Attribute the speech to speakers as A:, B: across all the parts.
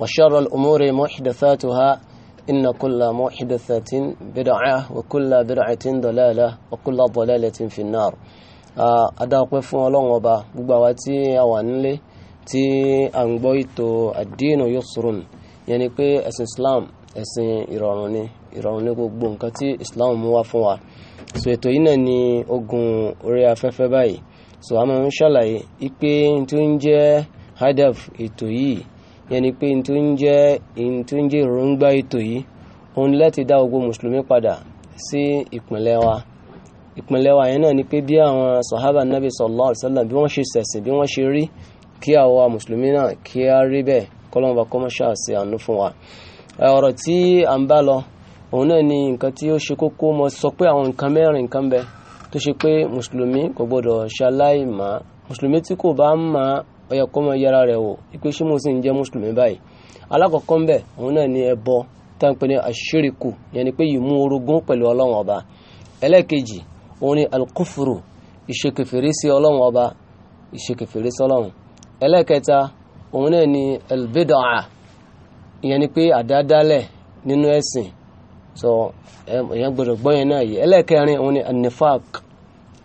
A: وشر الأمور محدثاتها إن كل محدثة بدعة وكل بدعة ضلالة وكل ضلالة في النار أدعوكم فún Ọlọ́run ọba gbogbo àwa tí a wà nílé tí a ń gbọ́ ètò àdínú yusrun yẹn ni pé ẹ̀sìn Islam ẹ̀sìn ìrọ̀rùn ni ìrọ̀rùn ni gbogbo nǹkan tí Islam mú wá fún wa so ètò yìí náà ni ogun orí afẹ́fẹ́ báyìí so a máa ń ṣàlàyé pé tí ó ń jẹ́ hadaf ètò yìí yẹn ni pé tó ń jẹ́ tó ń jẹ́ ìròǹgbà ètò yìí òun láti dá gbogbo mùsùlùmí padà sí ìpínlẹ̀ wa ìpínlẹ̀ wa yẹn náà ni pé bí àwọn sọ̀hábà nàbì sallallahu alaihi wasallam bí wọ́n ṣe ṣẹ̀sìn bí wọ́n ṣe rí kí àwa mùsùlùmí náà kí á rí bẹ́ẹ̀ kọ́lọ́mọba kọ́mọ́ṣà sí àánú fún wa ọ̀rọ̀ tí à ń bá lọ òun náà ni nǹkan tí ó ṣe kókó mo sọ pé àwọn nǹkan mẹ́rin nǹkan bẹ tó ṣe pé mùsùlùmí kò gbọdọ̀ ṣaláì mùsùlùmí tí kò bá má ó yẹ kó máa yẹra rẹ̀ wò ipe ṣé mo sì ń jẹ́ mùsùlùmí báyìí alákọ̀ọ́kọ́ ń bẹ̀ òun náà ni ẹbọ tá n pè ní àṣírìkù yẹn ni pé yìí mú orogún pẹ̀lú ọlọ́run ọba ẹlẹ́ẹ̀kejì òun ni alukófòrò ìṣekèfèrè sí ọlọ́run ọba ìṣekèfèrè sí ọlọ́run ẹlẹ́ẹ̀kẹta òun náà ni elbedaa ìyẹn ni pé àdádálẹ̀ nínú ẹ̀sìn so èèyàn gbọdọ̀ gbọ́ yẹn náà yìí ẹlẹ́ẹ̀kẹrin òun ni anifak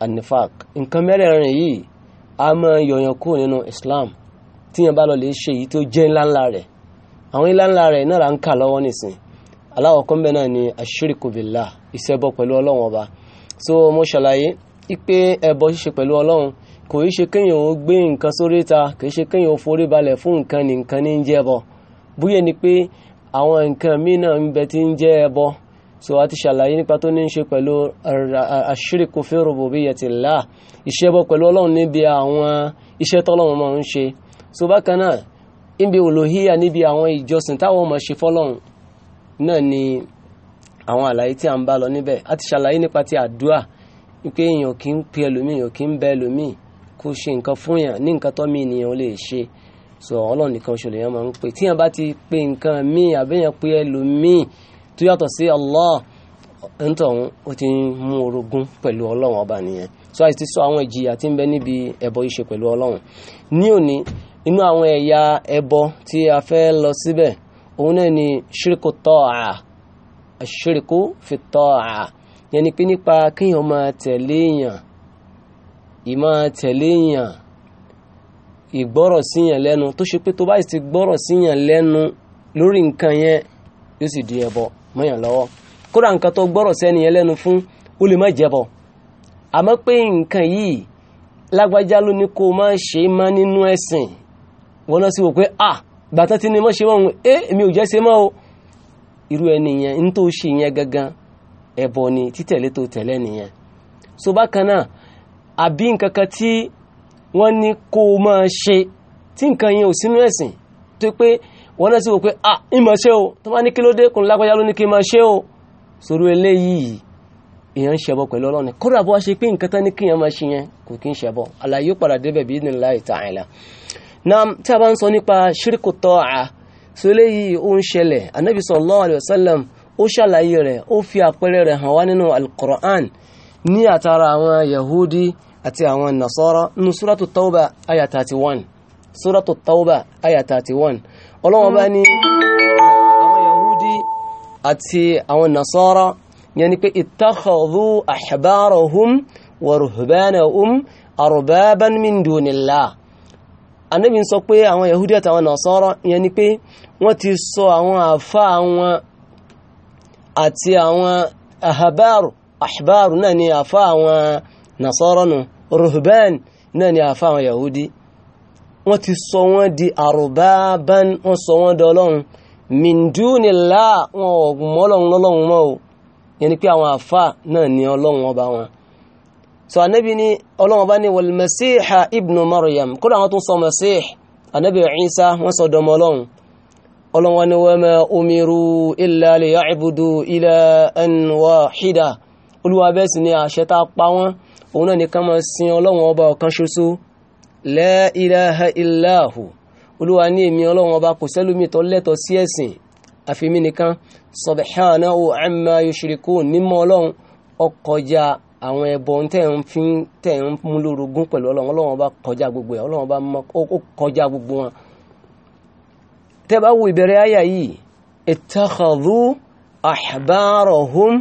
A: anifak nǹkan mẹ́rẹ̀ẹ̀rin yìí a máa yọ̀yàn kúrò nínú Islam tíyẹn bá lọ lè ṣe èyí tó jẹ́ ńláńlá rẹ̀ àwọn ńláńlá rẹ̀ náà là ń kà lọ́wọ́ nìsín aláwọ̀kọ́ mbẹ́ náà ni ashiriku billah ìṣẹbọ pẹ̀lú ọlọ́run ọba so mo ṣàlàyé pé ẹbọ ṣíṣe pẹ̀lú ọlọ́run kò í ṣe kéèyàn ó gbé nǹkan sórí ta kì í ṣe kéèyàn ó forí balẹ̀ fún nǹkan nìkan ní ń jẹ́ ẹbọ bóyá ni pé àwọn nǹkan míì náà ń bẹ tí ń jẹ́ ẹbọ so a ti ṣàlàyé nípa tó ní ṣe pẹ̀lú àṣírìkú fi rububiyyatillah ìṣẹ́bọ pẹ̀lú ọlọ́run níbi àwọn iṣẹ́ tọ́lọ́run máa ń ṣe so bákan náà níbi olóhíyà níbi àwọn ìjọsìn táwọn máa ṣe fọ́lọ́run náà ni àwọn àlàyé tí a ń bá lọ níbẹ̀ a ti ṣàlàyé nípa ti àdúà pé èèyàn kì í pe ẹlòmíì èèyàn kì í bẹ ẹlòmíì kó ṣe nǹkan fún yàn ní nǹkan tọ́mí ènìyàn lè ṣe so ọlọ́run nìkan ṣòlè yẹn máa ń pè tíyàn bá ti pe nǹkan míì àbẹ́yàn pe ẹlòmíì tó yàtọ̀ sí Allah ntọ̀hún ó ti mú orogún pẹ̀lú ọlọ́run ọba nìyẹn so àti sọ àwọn ìjìyà tí ń bẹ níbi ẹbọ ìṣe pẹ̀lú ọlọ́run ní òní inú àwọn ẹ̀yà ẹbọ tí a fẹ́ lọ síbẹ̀ òun náà ni ṣíríkù tọ́ọ̀à ṣíríkù fi tọ́ọ̀à yẹn ni pé nípa kéèyàn máa tẹ̀lé èèyàn ìmọ̀ tẹ̀lé èèyàn ìgbọ́rọ̀ síyàn lẹ́nu tó ṣe pé tó bá ti gbọ́rọ̀ síyàn lẹ́nu lórí nǹkan yẹn yóò sì di ẹbọ. mọ́yàn lọ́wọ́ kódà nǹkan tó gbọ́rọ̀ sẹ́ni yẹn lẹ́nu fún ó lè má jẹ́bọ̀ àmọ́ pé nǹkan yìí lágbájá ló ní kó má ṣe má nínú ẹsìn wọn náà sì wò pé ah, tí ni ṣe eh, èmi ò jẹ́ ṣe o irú ẹni yẹn gangan ni tó so bákan náà àbí nǹkan kan tí ní kó ṣe tí nǹkan yẹn ò wọ́n náà sì wò pé ah ìmọ̀ ṣe o tó bá ní kí ló dé kùn lágbájá ló ní kí n máa ṣe o sòrò eléyìí èèyàn ń ṣẹbọ pẹ̀lú ọlọ́run kódà bó wá ṣe pé nǹkan tán ní kíyàn máa ṣe yẹn kò kí ń ṣẹbọ àlàyé ó padà débẹ̀ bí ní láì ta àìlà náà tí a bá ń sọ nípa ṣíríkù tọ́ a sọ eléyìí ó ń ṣẹlẹ̀ anábì sallallahu alaihi wasallam ó ṣàlàyé rẹ̀ ó fi àpẹẹrẹ rẹ̀ hàn wá nínú al ní àtàrà àwọn yahudi àti àwọn nasara nínú suratu tawba ayah thirty ọlọ́wọ́n bá hmm. ní àwọn yahudi àti àwọn nasara yẹn ni pé ittakhadhu ahbarahum wa ruhbanahum arbaban min dunillah anabi sọ pé àwọn yahudi àti àwọn nasara yẹn ni pé wọ́n ti sọ àwọn àfa àwọn àti àwọn ahbaru yahudi wọ́n ti sọ wọ́n di àrùbábán wọ́n sọ wọ́n di ọlọ́run mìndúnilá wọn ò mọ́lọ́run lọ́lọ́run mọ́ o yẹn ni pé àwọn àfà náà ni ọlọ́run ọba wọn so anabi ni ọlọ́run ọba ni wàlmẹ́síhà ibnu maryam kódà wọn tún sọ mẹ́síh anabi Isa wọn sọ dọmọ ọlọ́run ọlọ́run wa ni wa ma umiru illa liya'budu ilahan wahida olúwa bẹ́ẹ̀ sì ni àṣẹ tá a pa wọn òun náà nìkan máa sin ọlọ́run ọba ọ̀kan ṣoṣo la ilaha illahu olúwa ní èmi ọlọ́run ọba kò sẹ́lómi tó lẹ́tọ̀ sí ẹ̀sìn àfimí nìkan subhanahu amma yushrikun nímọ̀ ọlọ́run ọkọjá àwọn ẹbọ tẹ̀ ń fi tẹ̀ ń mú lórogún pẹ̀lú ọlọ́run ọlọ́run ọba kọjá gbogbo ẹ̀ ọlọ́run ọba ó kọjá gbogbo wọn. tẹ́ bá wo ìbẹ̀rẹ̀ àyà yìí ittakhadhu ahbarahum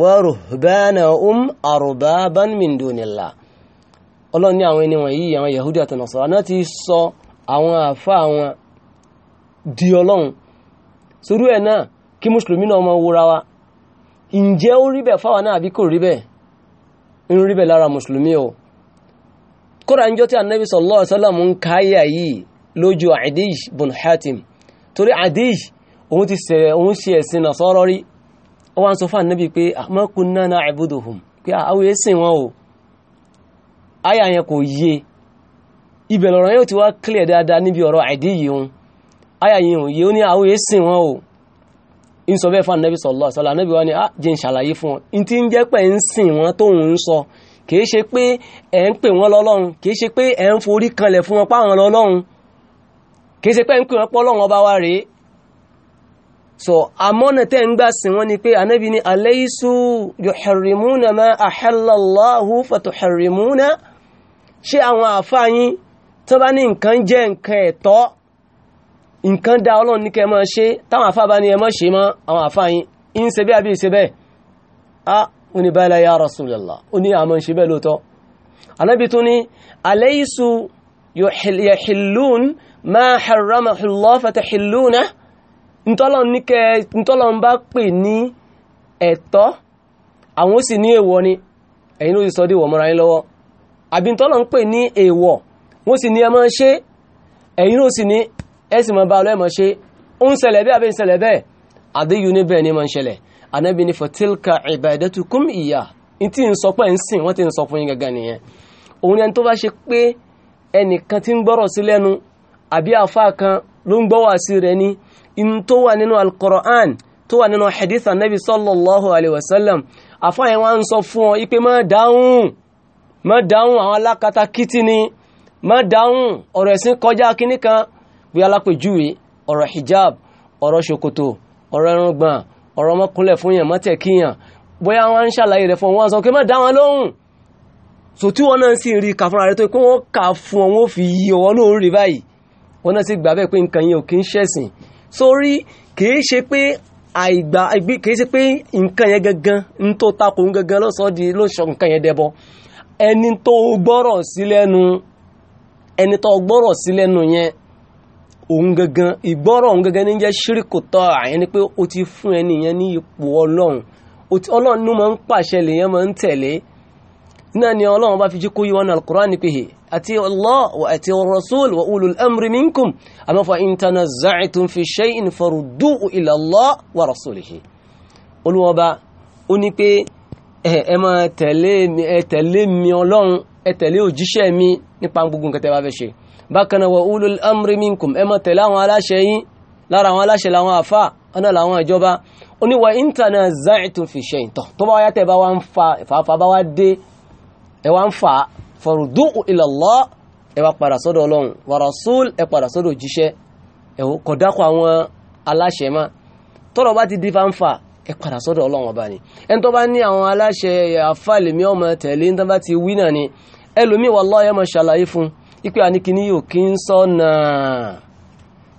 A: wa ruhbanahum arbaban min dunillah ọlọ́run ní àwọn ẹni wọ̀nyí àwọn yahudi àti nasara náà ti sọ àwọn àfa àwọn di ọlọ́run sórí ẹ̀ náà kí mùsùlùmí náà máa wúra wa ǹjẹ́ ó rí bẹ́ẹ̀ fáwọn náà àbí kò rí bẹ́ẹ̀ ń rí bẹ́ẹ̀ lára mùsùlùmí o kódà ń jọ tí anabi sallallahu alaihi wasallam ń káyà yìí lójú Adish bun Hatim torí Adish òun ti ṣe òun ṣe ẹ̀sìn nasara rí ó wá ń sọ fún anabi pé ma kunna na'buduhum pé àwọn èsìn wọn o àyà yẹn kò yé ibẹ̀ lọ́rọ̀ yóò ti wá clear dáadáa níbi ọ̀rọ̀ àìdí yìí òun àyà yìí òun yìí ó ní àwọn èsìn wọn o ń sọ bẹ́ẹ̀ fún anabi sọ̀lọ́ sọ̀lọ́ anabi wa ni a ah, jẹ́ ń ṣàlàyé fún ọ n ti ń jẹ́ pé ń sìn wọn tóun ń sọ kìí ṣe pé ẹ̀ ń pè wọn lọ́lọ́run kìí ṣe pé ẹ̀ ń forí kanlẹ̀ fún wọn páwọn lọ́lọ́run kìí ṣe pé ń pè wọn pọ́ lọ́wọ́n ọba wa rèé so àmọ́nà tẹ́ ń gbà sìn wọ́n ni pé anabi ni alaysu yuharrimuna ma ahallallahu fatuharrimuna ṣé àwọn àfáà yín tó bá ní nǹkan jẹ́ nǹkan ẹ̀tọ́ nǹkan dá ọlọ́run ní kẹ́ máa ṣe táwọn àfáà bá ní ẹ má ṣe mọ́ àwọn àfáà yín ń ṣe bí àbí ṣe bẹ́ẹ̀ á ó ní bala ya Rasulullah ó ní àmọ́ ṣe bẹ́ẹ̀ lóòótọ́ anábì tún ní alaysu yahillun ma harramahu Allah fatahilluna ntọ́lọ́n bá pè ní ẹ̀tọ́ àwọn ó sì ní èèwọ̀ ni ẹ̀yin ló ti sọ àbí tọ́lọ̀ ń pè ní èèwọ̀ wọ́n sì ní ẹ ṣe ẹ̀yin ló sì ní ẹ sì bá ọlọ́ ṣe ó ń ṣẹlẹ̀ bí àbí ń bẹ́ẹ̀ àdéyù ní bẹ́ẹ̀ ni máa ń ṣẹlẹ̀ ànábì ní fatilka ibadatukum ìyá tí ń sọ pé ń sìn wọ́n ti ń sọ fún yín gangan nìyẹn òun ni ẹni tó bá ṣe pé ẹnìkan ti ń gbọ́rọ̀ sí lẹ́nu àbí àfa kan ló ń gbọ́wà sí rẹ̀ ní in tó wà nínú al tó wà nínú hadith anabi sallallahu alayhi wa sallam àfa yẹn wá ń sọ fún ọ ipe máa dáhùn má dáhùn àwọn alákatakítí ni má dáhùn ọ̀rọ̀ ẹ̀sìn kọjá kínní kan bí alápèjúwe ọ̀rọ̀ hijab ọ̀rọ̀ ṣòkòtò ọ̀rọ̀ ẹrùngbọ̀n ọ̀rọ̀ ọmọkúnlẹ̀ fún yàn mọ́tẹ̀ kíyàn bóyá wọ́n ń ṣàlàyé fún wọn sọ pé má dáhùn lóhùn tí wọn náà sì rí tó pé kà fún wọn ó fi yí ọwọ́ rí báyìí wọn náà sì gbà bẹ́ẹ̀ pé nǹkan gangan ń tó takò ń gangan lọ́sọ̀ọ́ di nǹkan ẹni tó gbọ́rọ̀ sí lẹ́nu ẹni tó gbọ́rọ̀ sí lẹ́nu yẹn òun gangan ìgbọ́rọ̀ òun gangan ní jẹ́ ṣíríkù tọ́ àyẹn ni pé ó ti fún ẹni yẹn ní ipò ọlọ́run ọlọ́run ló máa ń pàṣẹ lèyẹn máa ń tẹ̀lé náà ni ọlọ́run bá fi jí kó yí wọn ní alukur'an pé àti Allah àti rasul wa ulul amri minkum àmọ́ fa in tanaza'tum fi shay'in farudduhu ila Allah wa rasulihi olùwọ́ba ó ní pé ẹ máa tẹ̀lé mi ẹ tẹ̀lé mi ọlọ́run ẹ tẹ̀lé òjíṣẹ́ mi nípa gbogbo nǹkan tẹ́ bá fẹ́ ṣe bákan náà wa ulul amri minkum ẹ máa tẹ̀lé àwọn aláṣẹ yín lára àwọn aláṣẹ làwọn àfà ọ̀nà làwọn ìjọba ó ní wa in tanaza'tum fi shay'in tọ̀ tó bá wáyá tẹ́ bá wá ń fa ìfàfà bá wá dé ẹ wá ń fa faruddu'u ila Allah ẹ wá padà sọ́dọ̀ ọlọ́run wa rasul ẹ padà sọ́dọ̀ òjíṣẹ́ ẹ kọ̀dákọ̀ àwọn aláṣẹ ẹ padà sọ́dọ̀ ọlọ́run ọba ni ẹni tó bá ní àwọn aláṣẹ àfàlẹ́mí ọmọ tẹ̀lé ní tọ́ba ti wí náà ni ẹlòmíì wà lọ́ọ́ yẹ máa ṣàlàyé fún ipe àní kíní yóò kí ń sọ́nà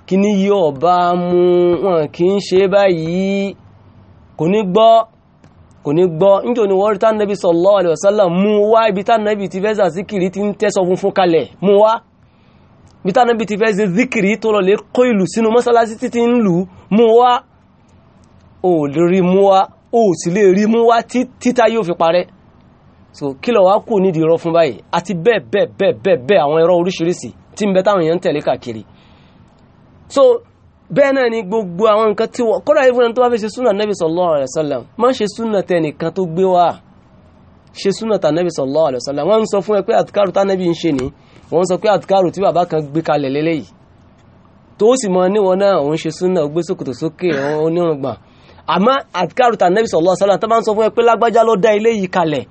A: kíní yóò bá mú wọn kì í ṣe báyìí kò ní gbọ́ kò ní gbọ́ níjọ́ ni wọ́n rí tánàbí sallallahu alaihi wasallam mú wá ibi tánàbí ti fẹ́ sàzíkìrì ti ń tẹ́sọ funfun kalẹ̀ mú wá ibi tánàbí ti fẹ́ sàzíkìrì tó lọ lè kó ìlú sínú mọ́sálásí títí ń lù mú wá ò lè rí mú wá ò sì lè rí mú wá títà yóò fi parẹ́ so kí ló wá kù nídìí irọ́ fún báyìí àti bẹ́ẹ̀ bẹ́ẹ̀ bẹ́ẹ̀ bẹ́ẹ̀ bẹ́ẹ̀ àwọn irọ́ oríṣiríṣi tí ń bẹ táwọn èèyàn ń tẹ̀lé káàkiri so bẹ́ẹ̀ náà ni gbogbo àwọn nǹkan tí wọ́n kọ́dà ìfún ẹni tó bá fi ṣe súnà nẹ́bí sallallahu alaihi wasallam má ṣe súnà tẹnìkan tó gbé wá ṣe súnà tà nẹ́bí sallallahu alaihi wasallam wọ́n ń sọ fún ẹ pé àtikárù tá nẹ́bí ń ṣe ni wọ́n sọ pé àtikárù tí bàbá kan gbé kalẹ̀ lélẹ́yìí tó sì mọ níwọ̀n náà òun ṣe súnà ó gbé sókòtò sókè onírùngbà àmọ́ àtikárùtà nẹ́bí sallallahu alaihi wasallam tó bá ń sọ fún ẹ pé lágbájá ló dá ilé yìí kalẹ̀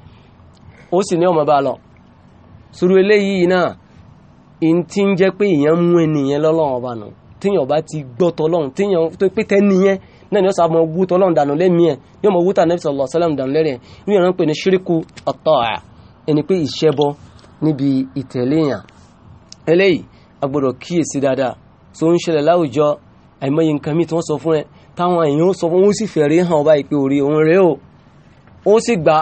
A: ó sì ní ọmọ bá lọ sùúrù ilé yìí náà in ti ń jẹ́ pé èèyàn mú ènìyàn lọ́lọ́run ọba nù tíyàn bá ti gbọ́ tọlọ́run tíyàn tó pé tẹ́niyẹn náà ni ó sábà wú tọlọ́run dànù lẹ́mí ẹ̀ ní ọmọ wúta nẹ́bí sallallahu alaihi wasallam dànù lẹ́rìn ní ní ṣíríkù táwọn èèyàn ó sọ fún wọn ó sì fẹ̀rẹ̀ hàn ọba ìpè orí òun rèé o ó sì gbà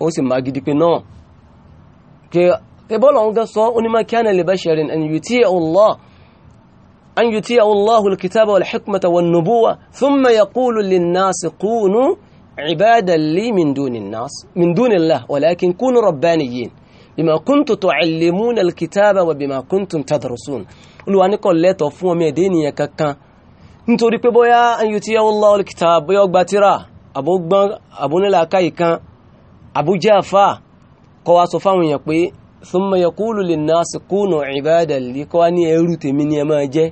A: ó sì má gidi pé náà kí bọ́ọ̀lù ọ̀hún gan sọ ó ní ma kana li basharin an yuti'a Allah an yuti'a Allahu al-kitaba wal-hikmata wan-nubuwwa thumma yaqulu lin-nasi kunu ibadan li min dunillah walakin kunu rabbaniyin bima kuntum tu'allimuna al-kitaba wa bima kuntum tadrusun olùwà ní kò lẹ́tọ̀ fún ọmọ ẹ̀dẹ́ ènìyàn kankan nítorí pé bóyá ẹyù tí yẹ́ Allah al-kitab bóyá ọgbà tíra àbógbọ́n àbónílàáká ìkan àbújá àfà kọ́ wa sọ fáwọn èèyàn pé thumma yaqulu lin-nasi kunu ibadan li kọ́ wa ní ẹrú tèmi ni ẹ máa jẹ́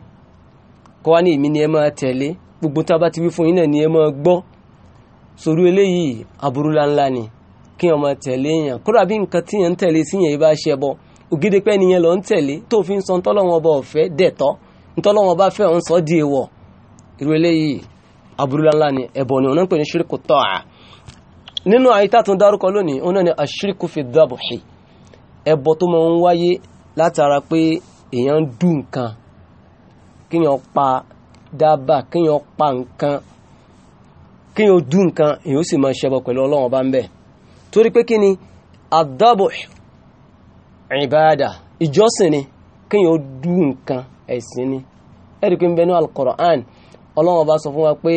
A: kọ́ wa ní èmi ni ẹ máa tẹ̀lé gbogbo tá a bá ti wí fún yín náà ni ẹ máa gbọ́ sórí eléyìí aburú ńláńlá ni kí wọn máa tẹ̀lé èèyàn kódà bí nǹkan tí yẹn ń tẹ̀lé sí yẹn bá ṣe bọ ògidì pé nìyẹn lọ ń tẹ̀lé tó fi ń sọ ntọ́lọ́wọ́n ọba ọ̀fẹ́ dẹ̀tọ́ ntọ́lọ́wọ́n ọba fẹ́ ń sọ di èèwọ̀ irú eléyìí aburúláńlá ni ẹbọ ni òun ń pè ní ṣíríkù tọ́à nínú àyíká tó ń dárúkọ lónìí òun ni àṣíríkù fi dábùhì ẹbọ tó máa ń wáyé látara pé èèyàn ń dùn nǹkan kíyàn pa dábàá kíyàn pa nǹkan kíyàn dùn nǹkan èèyàn ó sì máa ṣẹbọ pẹ̀lú ọlọ́run bá ń bẹ̀ torí pé kí ni àdábùhì ìbáadà ìjọsìn ni kíyàn dùn nǹkan ẹ̀sìn ni ẹ̀rí ń bẹ ní al-Qur'an ọlọ́run ọba sọ fún wa pé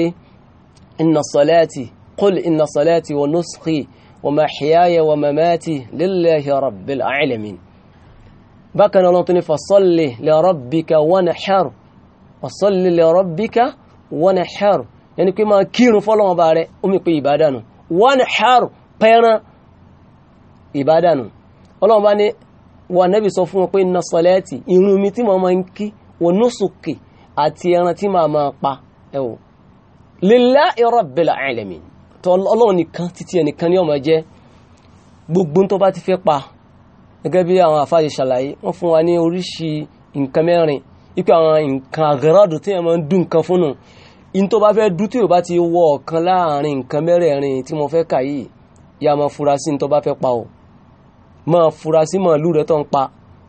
A: inna salati qul inna salati wa nuskhi wa mahyaya wa mamati lillahi rabbil alamin bákan náà tó ní fasalli li rabbika wanhar fasalli li rabbika wanhar yẹni pé máa kírun fọ́lọ́run ọba rẹ̀ ó mi pé ìbádànù wanhar pẹ́ran ìbádànù ọlọ́run bá ní wa nẹ́bí sọ fún wọn pé inna salati mi tí mo máa ń kí wa nusuki àti ẹran tí màá máa pa ẹwọ lillahi rabbil alamin tó ọlọ́run nìkan títí ẹnìkan ní ọmọ jẹ́ gbogbo tó bá ti fẹ́ pa gẹ́gẹ́ bí àwọn àfáàjì ṣàlàyé wọ́n fún wa ní oríṣi nǹkan mẹ́rin ipe àwọn nǹkan àgẹ́rọ́dù tí wọ́n máa ń dún nǹkan fún nù in tó bá fẹ́ dún tí ò bá ti wọ ọ̀kan láàrin nǹkan mẹ́rẹ̀ẹ̀rin tí mo fẹ́ kà yìí ya máa fura sí ní tó bá fẹ́ pa o máa fura sí màálù rẹ tó ń pa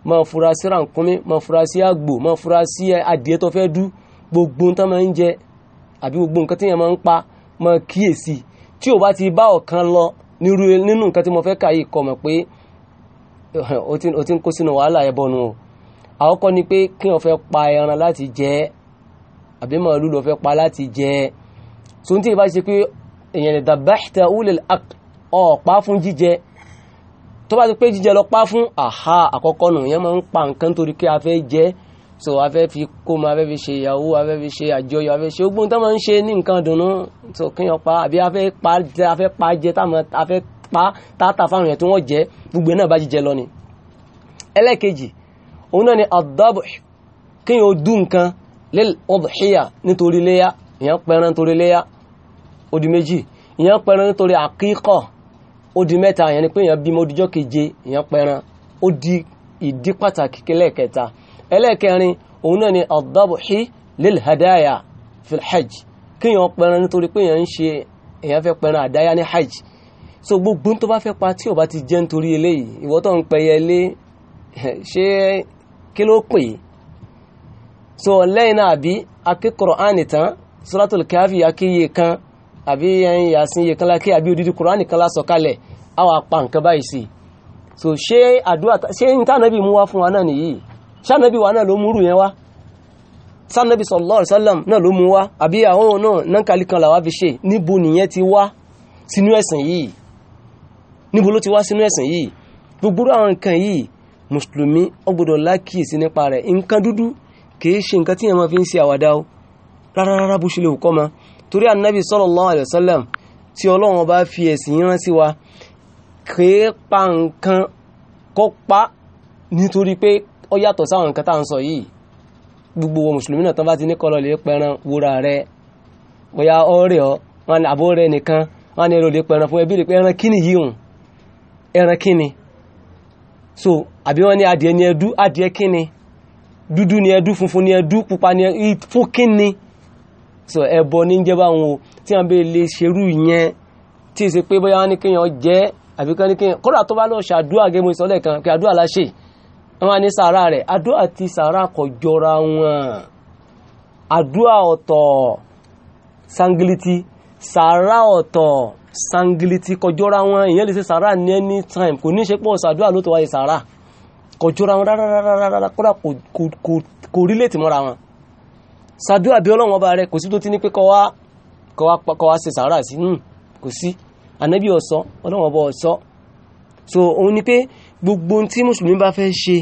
A: máa fura sí rànkúnmí máa fura sí àgbò máa fura sí adìẹ tó fẹ́ dú gbogbo tó máa ń jẹ àbí gbogbo nǹkan tí yẹn máa ń pa máa kíyèsí tí o bá ti bá ọ̀kan lọ nínú nǹkan tí mo fẹ́ kà yìí kọ mọ̀ pé o eh, ti ń kó sínú wàhálà ẹbọnu o àkọ́kọ́ ni pé kí o fẹ́ pa ẹran láti jẹ àbí màálù ló fẹ́ pa láti jẹ tó ń tí ìbá ṣe pé èèyàn dàbáṣítà ulil ak ọ̀pá fún jíjẹ tó bá ti pé jíjẹ lọ pa fún àhá àkọ́kọ́ nù yẹn máa ń pa nǹkan torí kí a fẹ́ jẹ so afẹ́ fi kóma afẹ́ fi ṣe ìyàwó afẹ́ fi ṣe àjọyọ̀ afẹ́ ṣe ogbóhun tó máa ń ṣe ní nǹkan dùnú so kíyàn pa àbí afẹ́ pa jẹ afẹ́ pa jẹ afẹ́ pa tààtà fáwọn èèyàn tí wọ́n jẹ gbogbo náà bá jíjẹ lọ ni. ẹlẹ́ẹ̀kejì òun náà ni àdábò kíyàn ó dún nǹkan lil udhiya nítorí léyà ìyàn pẹran nítorí léyà ó di méjì ìyàn pẹran nítorí àkíkọ̀ ó di mẹ́ta ìyàn ni pé ìyàn bímọ odijọ́ keje ìyàn pẹran ó ìdí pàtàkì kẹlẹ́ẹ̀kẹta ẹlẹ́ẹ̀kẹrin òun náà ni ad-dabhi lil hadaya fil hajj kíyàn pẹran nítorí pé èèyàn ń ṣe èèyàn fẹ́ pẹran àdáyá ní hajj so gbogbo tó bá fẹ́ pa tí ò bá ti jẹ́ nítorí eléyìí ìwọ tó ń pẹyẹ lé ṣé kí ló pè é so lẹ́yìn náà àbí akẹ́kọ̀ọ́ àánì tán suratul káfí akéye kan àbí ẹyin yàsín iye kan lákè sí so ṣé àdúrà ṣé ní mú wá fún wa náà nìyí sánàbí wa náà ló múrù yẹn wá sánàbí sallallahu alaihi wasallam náà ló mú wá àbí àwọn náà nánkàlì kan làwá fi ṣe níbo nìyẹn ti wá sínú ẹ̀sìn yìí níbo ló ti wá sínú ẹ̀sìn yìí gbogbo àwọn nǹkan yìí mùsùlùmí ó gbọ́dọ̀ lákìyèsí nípa rẹ̀ nǹkan dúdú kìí ṣe nǹkan tí yẹn máa fi ń ṣe àwàdà o rárá bó ṣe lè kọ́ ma torí ànábì sallallahu alaihi wasallam tí ọlọ́run bá fi ẹ̀sìn yín rán sí nítorí pé ó yàtọ̀ sáwọn nǹkan tá à ń sọ yìí gbogbo wọn mùsùlùmí náà tán bá ti ní kọlọ̀ lè pẹran wúra rẹ bóyá ọ̀rẹ́ ọ wọn ni àbó rẹ nìkan wọn ni èrò lè pẹran fún ẹbí rẹ pé ẹran kíni yìí hùn ẹran kíni so àbí wọn ni adìẹ ni ẹdú adìẹ kíni dúdú ni ẹdú funfun ni ẹdú pupa ni ẹdú fún kíni so ẹbọ ní jẹ báwọn o tí wọn bẹ lè ṣerú yẹn tí ì ṣe pé bóyá wọn ni kéèyàn jẹ àbí kan kéèyàn kódà tó bá lọ ṣàdúrà gẹ́gẹ́ mo sọ lẹ́ẹ̀kan pé àdúrà la wọ́n ní sàárà rẹ̀ àdúrà ti sàárà kò jọra wọn àdúrà ọ̀tọ̀ sangiliti sàárà ọ̀tọ̀ sangiliti kò jọra wọn ìyẹn lè ṣe sàárà ní any time kò ní ṣe pọ̀ sàdúrà ló tó wáyé sàárà kò jọra wọn rárá kódà kò rí léètì mọ́ra wọn sàdúrà bí ọlọ́run ọba rẹ kò sí tó ti ní pé kọ́ wá ṣe sàárà sí hmm, kò sí ànábì ọ̀sọ́ ọlọ́run ọba ọ̀sọ́ so òun ni pé gbogbo tí mùsùlùmí bá fẹ́ ṣe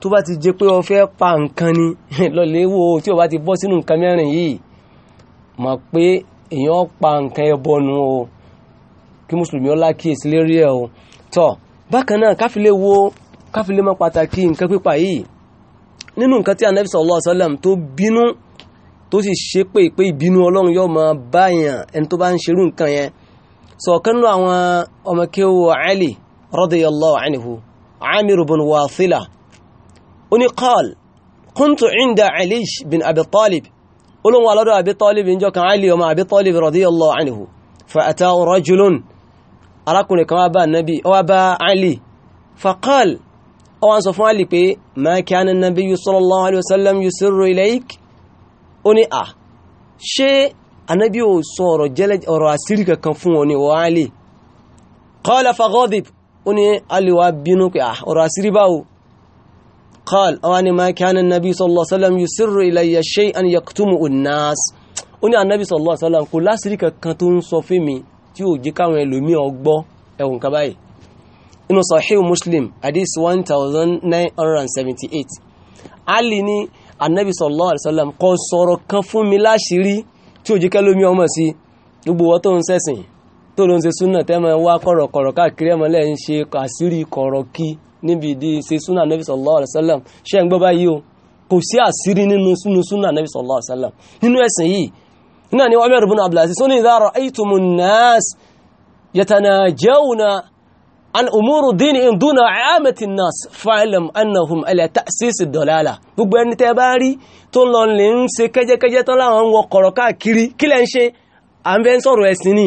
A: tó bá ti jẹ́ pé ó fẹ́ pa nǹkan ni lọ́lẹ́ wo tí ó bá ti bọ́ sínú nǹkan mẹ́rin yìí mọ̀ pé èèyàn pa nǹkan ẹbọ nu o kí mùsùlùmí ọlá kíyèsí lérí ẹ̀ o tọ́ bákan náà káfílẹ̀ wo káfílẹ̀ mọ́ pàtàkì nǹkan pípa yìí nínú nǹkan tí anabi sallallahu alaihi wasallam tó bínú tó sì ṣe pé pé ìbínú ọlọ́run yóò máa báyàn ẹni tó bá ń ṣerú nǹkan yẹn sọ̀kan nínú àwọn ọmọ kéwò Ali radiyallahu anhu amir bin wathila ó ní qal kuntu inda ali bin abi talib olóhun wà lọ́dọ̀ abi talib níjọ́ kan ali ọmọ abi talib radiyallahu anhu fa atahu rajulun arákùnrin kan wá bá nabi wá bá ali fa qal ó wá sọ fún ali pé ma kana an-nabiyyu sallallahu alaihi wasallam yusirru ilayk ó ní ah ṣé anabi ò sọ ọ̀rọ̀ àṣírí kankan fún ọ ní wọ́n ali qala fa ghadib ó ní aliwa bínú pé ah, ọ̀rọ̀ àsírí báwo qal àwọn ni máa kana nabi sallallahu alaihi wasallam yusirru ilayya shay'an yaktumu an-nas ó ní anabi sallallahu alaihi wasallam kò lásìrí kankan tó ń sọ fún mi tí ò jẹ́ káwọn ẹlòmí ọgbọ́ ẹ̀wùn kan báyìí inú sahih muslim hadith 1978 ali ní anabi sallallahu alaihi wasallam kò sọ̀rọ̀ kan fún mi láṣìírí tí ò jẹ́ kẹ́lómi ọmọ sí gbogbo wọn tó ń sẹ́sìn tó ló ń ṣe súnà tẹ́mọ̀ wá kọ̀rọ̀kọ̀rọ̀ káàkiri ẹ̀mọ́ lẹ́yìn ṣe àṣírí kọ̀rọ̀ kí níbi ìdí ṣe súnà nẹ́bí sallallahu alaihi wasallam ṣe ń gbọ́ báyìí o kò sí àṣírí nínú súnà nẹ́bí sallallahu alaihi wasallam nínú ẹ̀sìn yìí iná ni Umar ibn Abdul Aziz sóní idha ra'aytumun nas yatanajawna an umuru dinihim duna 'amatin nas fa'lam annahum ala ta'sis ad gbogbo ẹni tẹ́ bá rí tó lọ lè ń ṣe kẹ́jẹ́kẹ́jẹ́ tán láwọn ń wọ kọ̀rọ̀ káàkiri kílẹ̀ ń ṣe à ń fẹ́ ń sọ̀rọ̀ ẹ̀sìn ni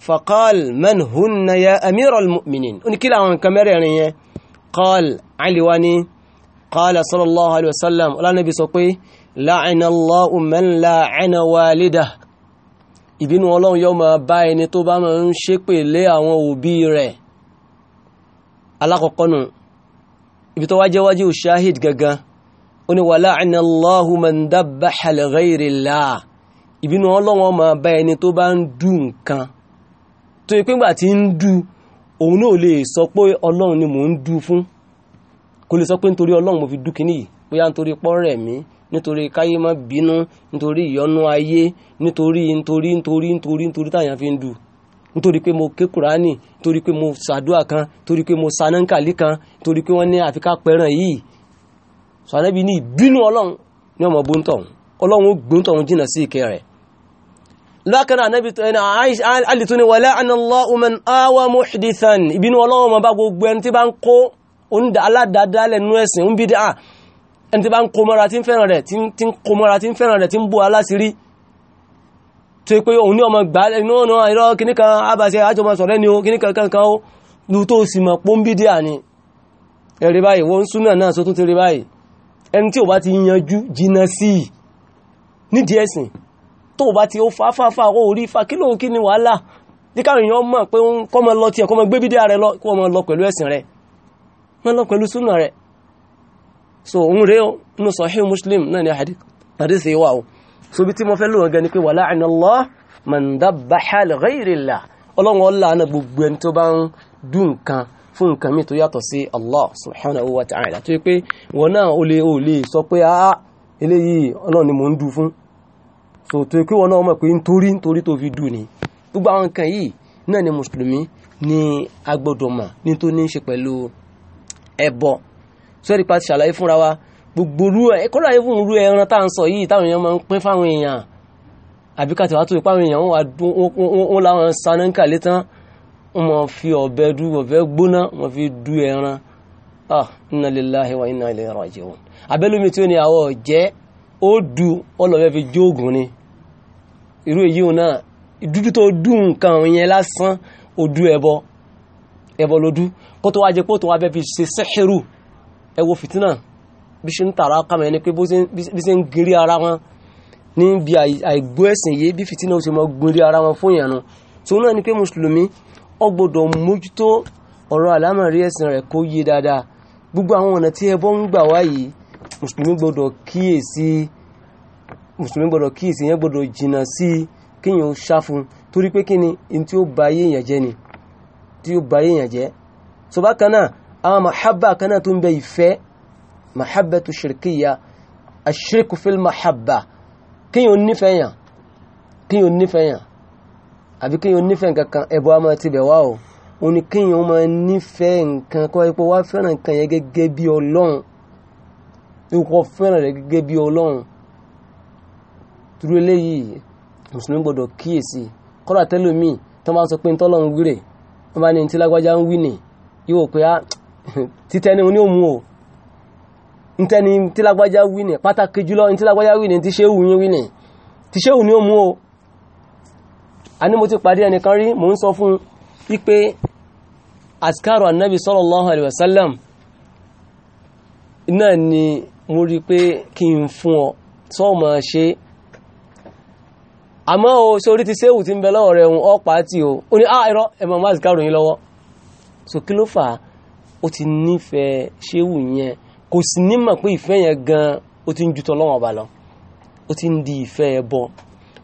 A: فقال من هن يا أمير المؤمنين ونكلا عن كاميرين قال علواني قال صلى الله عليه وسلم ولا نبي سقي لعن الله من لعن والده ìbínú ọlọ́run yóò máa bá ẹni tó bá máa ń ṣépè lé àwọn òbí rẹ̀ alákọ̀ọ́kọ́ nù ibi tó wá jẹ́ wájú ṣáhid gangan ó ní ولعن الله من ذبح لغير الله ìbínú ọlọ́run máa bá ẹni tó bá ń dú nǹkan tó yẹ pé ńgbà tí ń du òun náà lè sọ pé ọlọ́run ni mò ń du fún kò lè sọ pé nítorí ọlọ́run mo fi du kíní bóyá nítorí pọ́rẹ̀ mi nítorí káyé má bínú nítorí ìyọnu ayé nítorí nítorí nítorí nítorí nítorí táyà fi ń du nítorí pé mo ké kùránì mo sàdúà kan nítorí pé mo sanáńkàlí kan nítorí pé wọ́n ní àfikà yìí sọ̀rọ̀ bí ní ìbínú ọlọ́run ní ọmọ ọlọ́run lákàrà anábì tó ẹni àlìtú ni wàlá ànàlá ọmọ àwà muhdithan ìbínú ọlọ́wọ́ ma bá gbogbo ẹni tí bá ń kó oúnjẹ aládàádálẹ̀ nú ẹ̀sìn ń bí dáa ẹni tí bá ń kó mọ́ra tí ń fẹ́ràn rẹ̀ tí ń kó mọ́ra tí ń fẹ́ràn rẹ̀ tí ń bú aláṣírí tó pé òun ní ọmọ gbà ẹni ọ̀nà ìrọ̀ kìíní nídìí ẹ̀sìn tó bá ti ó fàáfàáfà ó orí fa kí lóun kí ni wàhálà díkàrùn èèyàn mọ̀ pé ó ń kọ́mọ lọ tiẹ̀ kọ́mọ gbé bídíà rẹ lọ kí wọ́n lọ pẹ̀lú ẹ̀sìn rẹ wọ́n lọ pẹ̀lú súnà rẹ so òun rèé o inú Sahih Muslim náà ni àdìsí wà o so bí tí mo fẹ́ lò wọ́n gan ni pé wà láàrin Allah man dabbaha li ghayri Allah ọlọ́run ọ̀la náà gbogbo ẹni tó bá ń dún nǹkan fún nǹkan mi tó yàtọ̀ sí Allah subhanahu wa ta'ala tó yẹ pé wọn náà ó lè sọ pé ah eléyìí ọlọ́run ni ń dùn fún so tó kí wọn náà mọ̀ pé nítorí nítorí tó fi dùn ní gbogbo àwọn nǹkan yìí náà ni mùsùlùmí ni a gbọ́dọ̀ mọ̀ ní tó ní í ṣe pẹ̀lú ẹbọ sọ́ọ́dì pa ti ṣàlàyé fúnra wa gbogbo rú ẹ kọ́lá yẹn fún rú ẹran tá à ń sọ yìí táwọn èèyàn máa ń pín fáwọn èèyàn àbí ká ti wá tó ipá àwọn èèyàn wà dún wọn láwọn sanáńkà létán wọn máa fi ọ̀bẹ du ọ̀bẹ gbóná wọn fi du ẹran ah inna lillahi wa inna ilayhi raji'un abẹ́lómi tí ó ní àwọ̀ jẹ́ ó du ọlọ́fẹ́ fi jóògùn ni irú èyí òun náà dúdú tó dùn nǹkan yẹn lásán odú ẹbọ ẹbọ lódú kó tó wá jẹ pé tó wá bẹ́ fi ṣe sẹ́ṣẹ̀rù ẹwọ fìtínà bí ṣe ń tààrà kàmọ̀ ẹni pé bí ṣe ń gírí ara wọn ní bí àìgbó ẹ̀sìn yìí bí fìtínà ó ṣe mọ́ gírí ara wọn fún ìyànà tó náà ni pé mùsùlùmí ó mójútó ọ̀rọ̀ àlámọ̀rí ẹ̀sìn rẹ̀ kó yé dáadáa gbogbo àwọn ọ̀nà tí ẹbọ ń gbà wá mùsùlùmí gbọ́dọ̀ kíyèsí mùsùlùmí gbọ́dọ̀ kíyèsí yẹn gbọ́dọ̀ jìnnà sí i kíyàn ó sá fún un torí pé kíni n tí ó ba ayé èèyàn jẹ́ ni tí ó ba ayé èèyàn jẹ́ so bákan náà àwọn mahaba kan náà tó ń bẹ ìfẹ́ mahabatu shirkiya ashirku fil mahaba kíyàn ó nífẹ̀ẹ́ yàn kíyàn ó nífẹ̀ẹ́ yàn àbí kíyàn ó nífẹ̀ẹ́ nǹkan kan ẹ̀bọ a máa ti bẹ̀ wá o ó ní kíyàn ó máa nífẹ̀ẹ́ nǹkan kọ́ ẹ wá fẹ́ràn nǹkan yẹn gẹ́gẹ́ bí ọlọ́run ó fẹ́ràn rẹ̀ gẹ́gẹ́ bí ọlọ́run dúró eléyìí mùsùlùmí gbọdọ̀ kíyèsí kọ́lá mi, tó máa ń sọ pé ntọ́lọ́ ń wíre wọ́n bá ní ntí lágbájá ń wí nì yóò pé á ah, títẹ́ ni oní òmu o ntẹ́ni ntí lágbájá wí nì pàtàkì jùlọ ntí lágbájá wí nì ti ṣe wù yín wí nì ti ṣe wù ní òmu o àní mo ti pàdé ẹnìkan rí mò ń sọ fún un wípé àsìkárò ànábì sallallahu alaihi wasallam náà ni mo rí i pé kí n fún ọ sọ́ọ̀mọ̀ ṣe àmọ́ o sórí ti séwù ti ń bẹ lọ́wọ́ rẹ̀ ohun ọ̀pá tí o ó ní á ah, irọ́ ẹ̀mọ̀ má sì kárò yín lọ́wọ́ so kí ló fà á ó ti nífẹ̀ẹ́ séwù yẹn kò sì ní mọ̀ pé ìfẹ́ yẹn gan ó ti ń ju tọ́lọ́wọ́ ọba lọ ó ti ń di ìfẹ́ ẹ bọ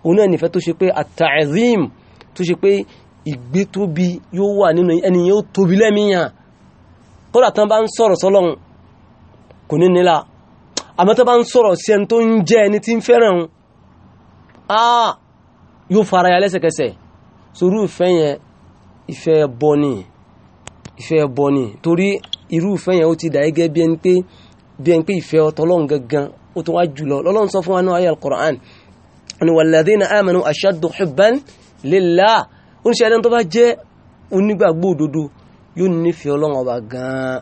A: òun náà nífẹ̀ẹ́ tó ṣe pé àtàzim tó ṣe pé ìgbé tóbi yóò wà nínú ẹni yóò tóbi lẹ́mìíyàn kódà tán bá ń sọ̀rọ̀ sọ́lọ́run kò ní nílà àmọ́ tán bá ń sọ̀rọ̀ sí ẹni tó ń jẹ́ ẹni tí ń fẹ́ràn òun ah, yóò fara ya lẹ́sẹ̀kẹsẹ̀ sorú ìfẹ́ yẹn ìfẹ́ bọ ni ìfẹ́ bọ ni torí irú ìfẹ́ yẹn ó ti dà gẹ́gẹ́ bí ẹni pé bí ẹni pé ìfẹ́ ọtọlọ́run gangan ó tó wá jùlọ lọ́lọ́run sọ fún wa náà ayé al-Qur'an ni walladhina amanu ashaddu hubban lillah oníṣẹ́ ẹni tó bá jẹ́ onígbàgbọ́ òdodo yóò nífẹ̀ẹ́ ọlọ́run ọba gan-an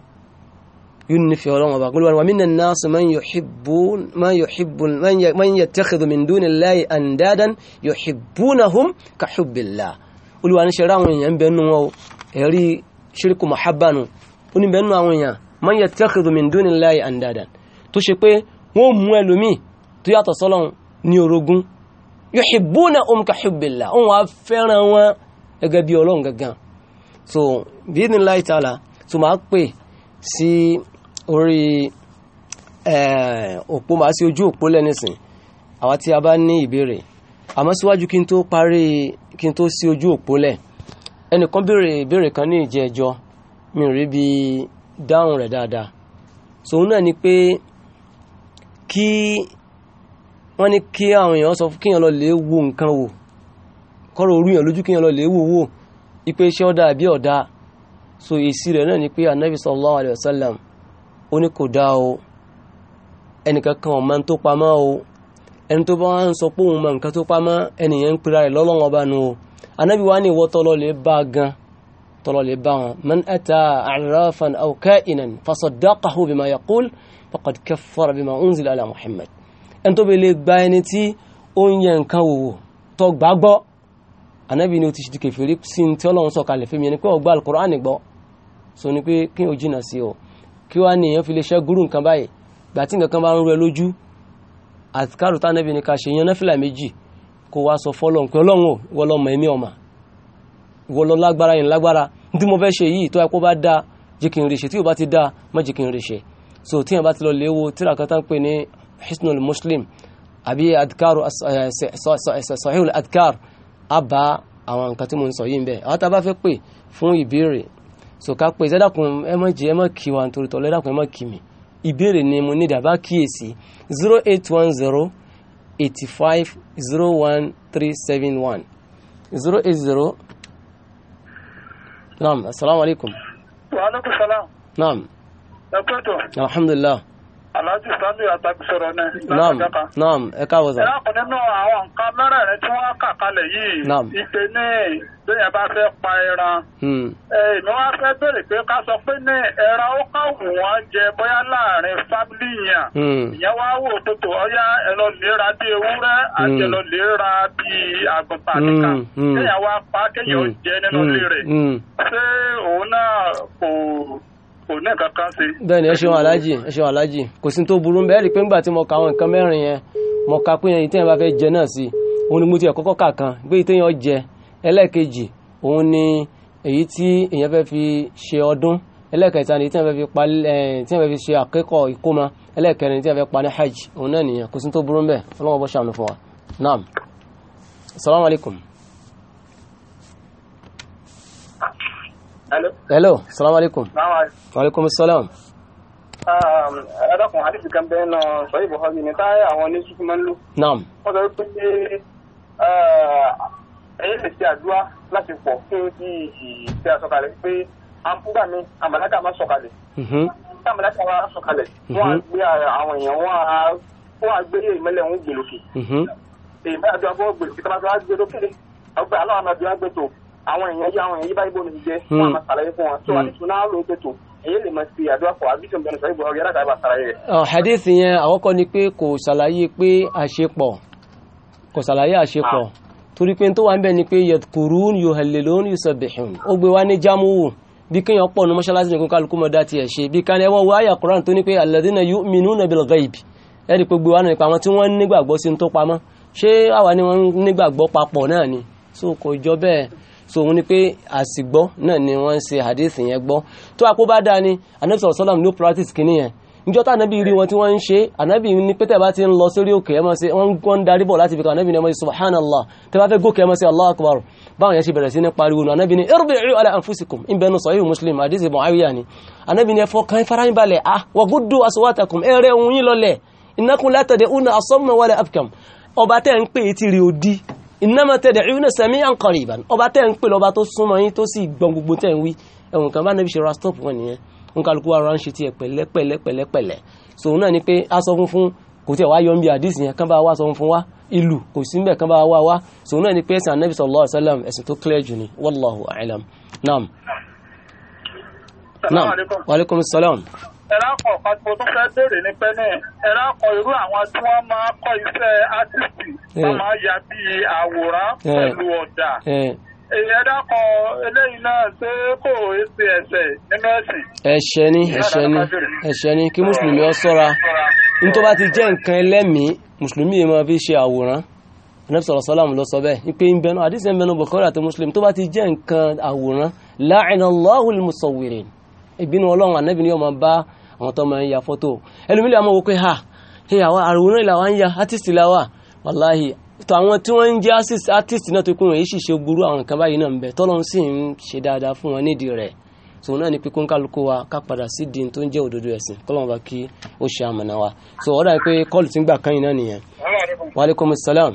A: yóò nífẹ̀ẹ́ ọlọ́run ọba gbọ́dọ̀ wà minan nas man yuhibbun man yuhibbun man yattakhidhu min dunillahi andadan yuhibbunahum ka hubbillah olùwà ní ṣẹ̀rá àwọn èèyàn ń bẹ nù wọn ẹ̀rí ṣíríkù mọ̀hábánu ó ní bẹ nù àwọn èèyàn man yattakhidhu min dunillahi andadan tó ṣe pé wọ́n mú ẹlòmíì tó yàtọ̀ sọ́lọ́run ní orogún yuhibbunahum ka hubbillah òun orí òpó màá sí ojú òpó lẹ́nìsìn àwa tí a bá ní ìbéèrè àmọ́ síwájú kí n tó parí kí n tó sí ojú òpó lẹ̀ ẹnìkan béèrè ìbéèrè kan ní ìjẹ́jọ́ mi rí bí dáhùn rẹ̀ dáadáa sòun náà ni pé kí wọ́n ní kí àwọn èèyàn sọ kíyàn lọ lè wo nǹkan wò kọ́rọ̀ orú yàn lójú kíyàn lọ lè wò wò ipe iṣẹ́ ọ̀dà àbí ọ̀dà so èsì rẹ̀ náà ni pé anabi sallallahu alayhi wa ó ní kò dáa o ẹnìkan kan ọ̀ma tó pamọ́ o ẹni tó bá wá ń sọ pé òun mọ nǹkan tó pamọ́ ẹnìyẹn ń pera rẹ̀ lọ́lọ́wọ́n ọba nu o anábì wa ní ìwọ tọ́lọ́ lè bá a gan tọ́lọ́ lè bá wọn man ata arrafan aw ka'inan fasaddaqahu bima yaqul faqad kaffara bima unzila ala muhammad ẹni tó bẹ lè gba ẹni tí ó ń yẹ nǹkan wò tó gbà anábì ni ó ti ṣe kèfèrí sí ti ọlọ́run sọ̀kalẹ̀ fún mi ẹni pé ó gba al-Qur'an gbọ́ so ni pé kí n ò jìnnà sí o kí wá ní èèyàn fi lè ṣe gúrú nǹkan báyìí gbà nǹkan bá ń rú ẹ lójú àtikárò tánàbí ni ká ṣe yan náfìlà méjì kó wá sọ fọlọ́n pé ọlọ́run ò wọ́n lọ́mọ ẹ̀mí ọ̀mà wọ́n lọ lágbára yẹn lágbára tí mo fẹ́ ṣe yìí tó ẹ̀kọ́ bá dáa jẹ́ kí tí o bá ti dáa má jẹ́ kí so tí yẹn bá ti lọ léwo tíra kan tá ń pè ní hisnul muslim àbí eh, adkar eh, sahihul adkar àbá àwọn nǹkan tí mo ń sọ yìí ń bẹ àwọn tá a bá fẹ́ pè fún ìbéèrè so ká pé ẹ̀dàkùn ẹ má jẹ́ ẹ má kí wa nítorí tọ́lọ́ ẹ̀dàkùn ẹ kí mi ìbéèrè ni mo ní ìdàbá kíyèsí zero eight one zero eighty five zero one three seven one zero eight zero naam asalaamualeykum. wa aleykum salaam. naam. ẹ kúrò tó. alhamdulilah aláàjì sani àtàkùsọ̀rọ̀ ni. naam naam ẹ káwọ́ sà. ìyá kan nínú àwọn nǹkan mẹ́rẹ̀ẹ̀rin tí wọ́n kà kalẹ̀ yìí. naam ìpè ní bẹ́ẹ̀ bá fẹ́ pa ẹran. Hmm. èmi wá fẹ́ béèrè pé ká sọ pé ní ẹran ó ká wù wọ́n jẹ bóyá láàrin
B: fábílì yẹn. Hmm.
A: ìyẹn wá wò tótó ọyá
B: ẹlọ lè ra ewúrẹ́
A: àti ẹlọ hmm. lè ra àgùntàn nìkan. kéèyàn wá pa kéèyàn jẹ nínú ilé rẹ̀. ṣé òun náà kò kò ní ẹ̀ka ká ṣe. bẹ́ẹ̀ni ẹ ṣeun aláàjì ẹ ṣeun aláàjì kò sí tó burú bẹ́ẹ̀ rí i pé nígbà tí mo ka àwọn nǹkan mẹ́rin yẹn mo ka pé yẹn ìtẹ́yìn bá fẹ́ jẹ náà sí òun ni mo ti ẹ̀kọ́kọ́ kà kan pé ìtẹ́yìn ọjẹ ẹlẹ́ẹ̀kejì òun ni èyí tí èyàn fẹ́ fi ṣe ọdún ẹlẹ́ẹ̀kẹta ni tíyẹn fẹ́ fi pa tíyẹn fẹ́ fi ṣe àkẹ́kọ̀ọ́ ìkómà ẹlẹ́ẹ̀kẹrin tíyẹn fẹ́ pa ní hajj òun náà nìyẹn hello. hello salaam aleykum. maaleykum salaam. Um, ẹ̀dọ́kùn àdìsí kan bẹ́ẹ̀ náà sọ́yìn bọ̀ ọ́bí ni táyà àwọn oníṣùkú máa ń lò. naam. wọ́n sọ pé uh, ẹ̀yẹ́ lè ṣe àdúrà láti pọ̀ fún bí ìṣe àsọkalẹ̀ pé àǹpúgbà mi àmàlàkà máa sọ̀kalẹ̀. àmàlàkà mhm. máa sọ̀kalẹ̀ mhm. wọ́n á gbé àwọn èèyàn wọ́n á wọ́n á gbé ìmọ̀lẹ̀ wọn gbèrò kì. Mhm. èyí bá àdúrà bọ́ gbèrò kì àwọn èèyàn yí àwọn èèyàn yí báyìí bóun ti jẹ fún hmm. àwọn àṣàlàyé fún wọn tó hmm. àdìsùn náà ló tó tó èyí lè máa ṣe àdúrà pọ̀ àbí sọ̀rọ̀ sọ̀rọ̀ ìgbọ̀rọ̀ yàrá tàbí àṣàlàyé rẹ̀. hadith yẹn àkọ́kọ́ ni pé kò ṣàlàyé pé àṣepọ̀ kò ṣàlàyé àṣepọ̀ ah. torí pé tó wà ń bẹ̀ ni pé yadkurun yuhallilun yusabbihun ó gbé wá ní jámúwù bí kéèyàn pọ̀ ní mọ́ṣáláṣí nìkan kálukú mọ́ dá tiẹ̀ ṣe bí kan ẹwọ́ wọ àyà Qur'an tó ní pé alladhina yu'minuna bil ghaib ẹ̀rí pé gbé wá nípa àwọn tí wọ́n nígbàgbọ́ sí ń tó pamọ́ ṣé àwa ni wọ́n nígbàgbọ́ papọ̀ náà ni so kò jọ bẹ́ẹ̀ so òun ni pé àsìgbọ́ náà ni wọ́n ń ṣe hadith yẹn gbọ́ tó àpò bá dáa ni anabi sọ̀rọ̀ sọ́lá no practice kìíní yẹn níjọ́ tá anabi rí wọn tí wọ́n ń ṣe anabi ní pété bá ti ń lọ sórí òkè ẹmọ sí wọ́n ń darí bọ̀ láti fi kan anabi ní ẹmọ sí subhanallah tẹ bá fẹ́ gòkè ẹmọ sí allah akbar báwọn yẹn ṣe bẹ̀rẹ̀ sí ní pariwo anabi ní irbi'u ala anfusikum ń bẹnu sahih muslim hadith muawiya ni anabi ní ẹ fọkàn farayin balẹ̀ ah wa guddu aswatakum ẹ̀rẹ̀ òun yín lọlẹ̀ innakum la tad'una asamma wala abkam ọba tẹ́ ń pè é ti rí odi innama tad'una sami'an qariban ọba tẹ́ ń pè lọ́ba tó súnmọ́ yín tó sì gbọ́n gbogbo tẹ́ ń wí ẹ̀wọ̀n kan bá nẹ́bí ṣe ra stop wọn nìyẹn ń kálukú wa ránṣẹ́ tiẹ̀ pẹ̀lẹ́pẹ̀lẹ́pẹ̀lẹ́pẹ̀lẹ́ so òun náà ni pé á sọ fún fún kò tí ẹ̀ wá yọ ń bí àdìsí yẹn kán bá wá sọ fún wa ìlú kò sí mbẹ̀ kán bá wá wá so òun náà ni pé ẹ̀sìn anabi sallallahu alaihi wasallam ẹ̀sìn ẹ̀rákọ̀ kan tí mo tún fẹ́ béèrè ní pẹ́ náà ẹ̀rákọ̀ irú àwọn tí wọ́n máa kọ́ iṣẹ́ átìsì hmm. wọ́n máa ya bíi
B: àwòrán hmm. pẹ̀lú
A: ọ̀dà hmm. ẹ̀dákan eléyìí náà ṣé kò ṣe ẹ̀ṣẹ̀ nínú ẹ̀sìn. ẹ̀ṣẹ̀ ni ẹ̀ṣẹ̀ ni ẹ̀ṣẹ̀ ni kí mùsùlùmí ọ ṣọ́ra nítorí bá ti jẹ́ nǹkan ẹlẹ́mìí mùsùlùmí yìí máa fi ṣe àwòrán anabi sọ̀rọ̀ sọ́lámù lọ sọ bẹ́ẹ̀ wípé ń bẹnu àdìsí ń bẹnu Bukhari àti Muslim tó bá ti jẹ́ nǹkan àwòrán la'inallahu al-musawwirin ìbínú ọlọ́run ànábì ni yóò máa bá àwọn tó máa ń ya fọ́tò ẹlòmílẹ̀ àmọ́ wọ́n pé ha he àwa àrùn ìlà wa ń ya artist là wà wàláhì tó àwọn tí wọ́n ń jẹ́ artist náà tó kún wọn yìí sì ṣe burú àwọn nǹkan báyìí náà ń bẹ tọ́lọ́ sì ń ṣe dáadáa fún wọn nídìí rẹ̀ tòun náà ni pé kóńkálukú wa ká padà sí di tó ń jẹ́ òdodo ẹ̀sìn kọ́lọ́n bá kí ó ṣe àmọ̀nà wa so ọ̀dà pé kọ́ọ̀lù tí ń gbà kan yìí náà nìyẹn. wàlẹ́kùn salam.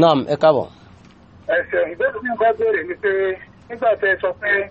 A: naam ẹ káàbọ̀. ẹ̀sẹ̀ ìgbésùn mi ń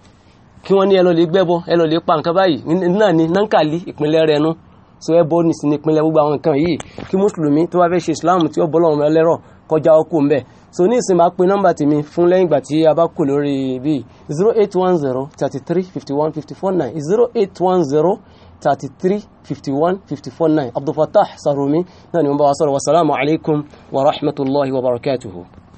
A: kí wọ́n ní ẹ lọ lè gbẹ́bọ ẹ lọ lè pa nǹkan báyìí náà ni nankali ìpínlẹ̀ rẹ̀ nu so ẹbọ ní sí ní ìpínlẹ̀ gbogbo àwọn nǹkan yìí kí mùsùlùmí tó bá fẹ́ ṣe islam tí ó bọ́ lọ́wọ́ ẹlẹ́rọ̀ kọjá ọkọ̀ ń bẹ̀ so ní ìsìn máa pe nọ́mbà tèmi fún lẹ́yìn ìgbà tí a bá kù lórí bí zero eight one zero thirty three fifty one fifty four nine zero eight one zero thirty three fifty one fifty four nine abdulfatah sarumi náà ni wọ́n bá wa sọ̀rọ̀ wasalaamu alaykum wa rahmatulahi wa barakatuhu.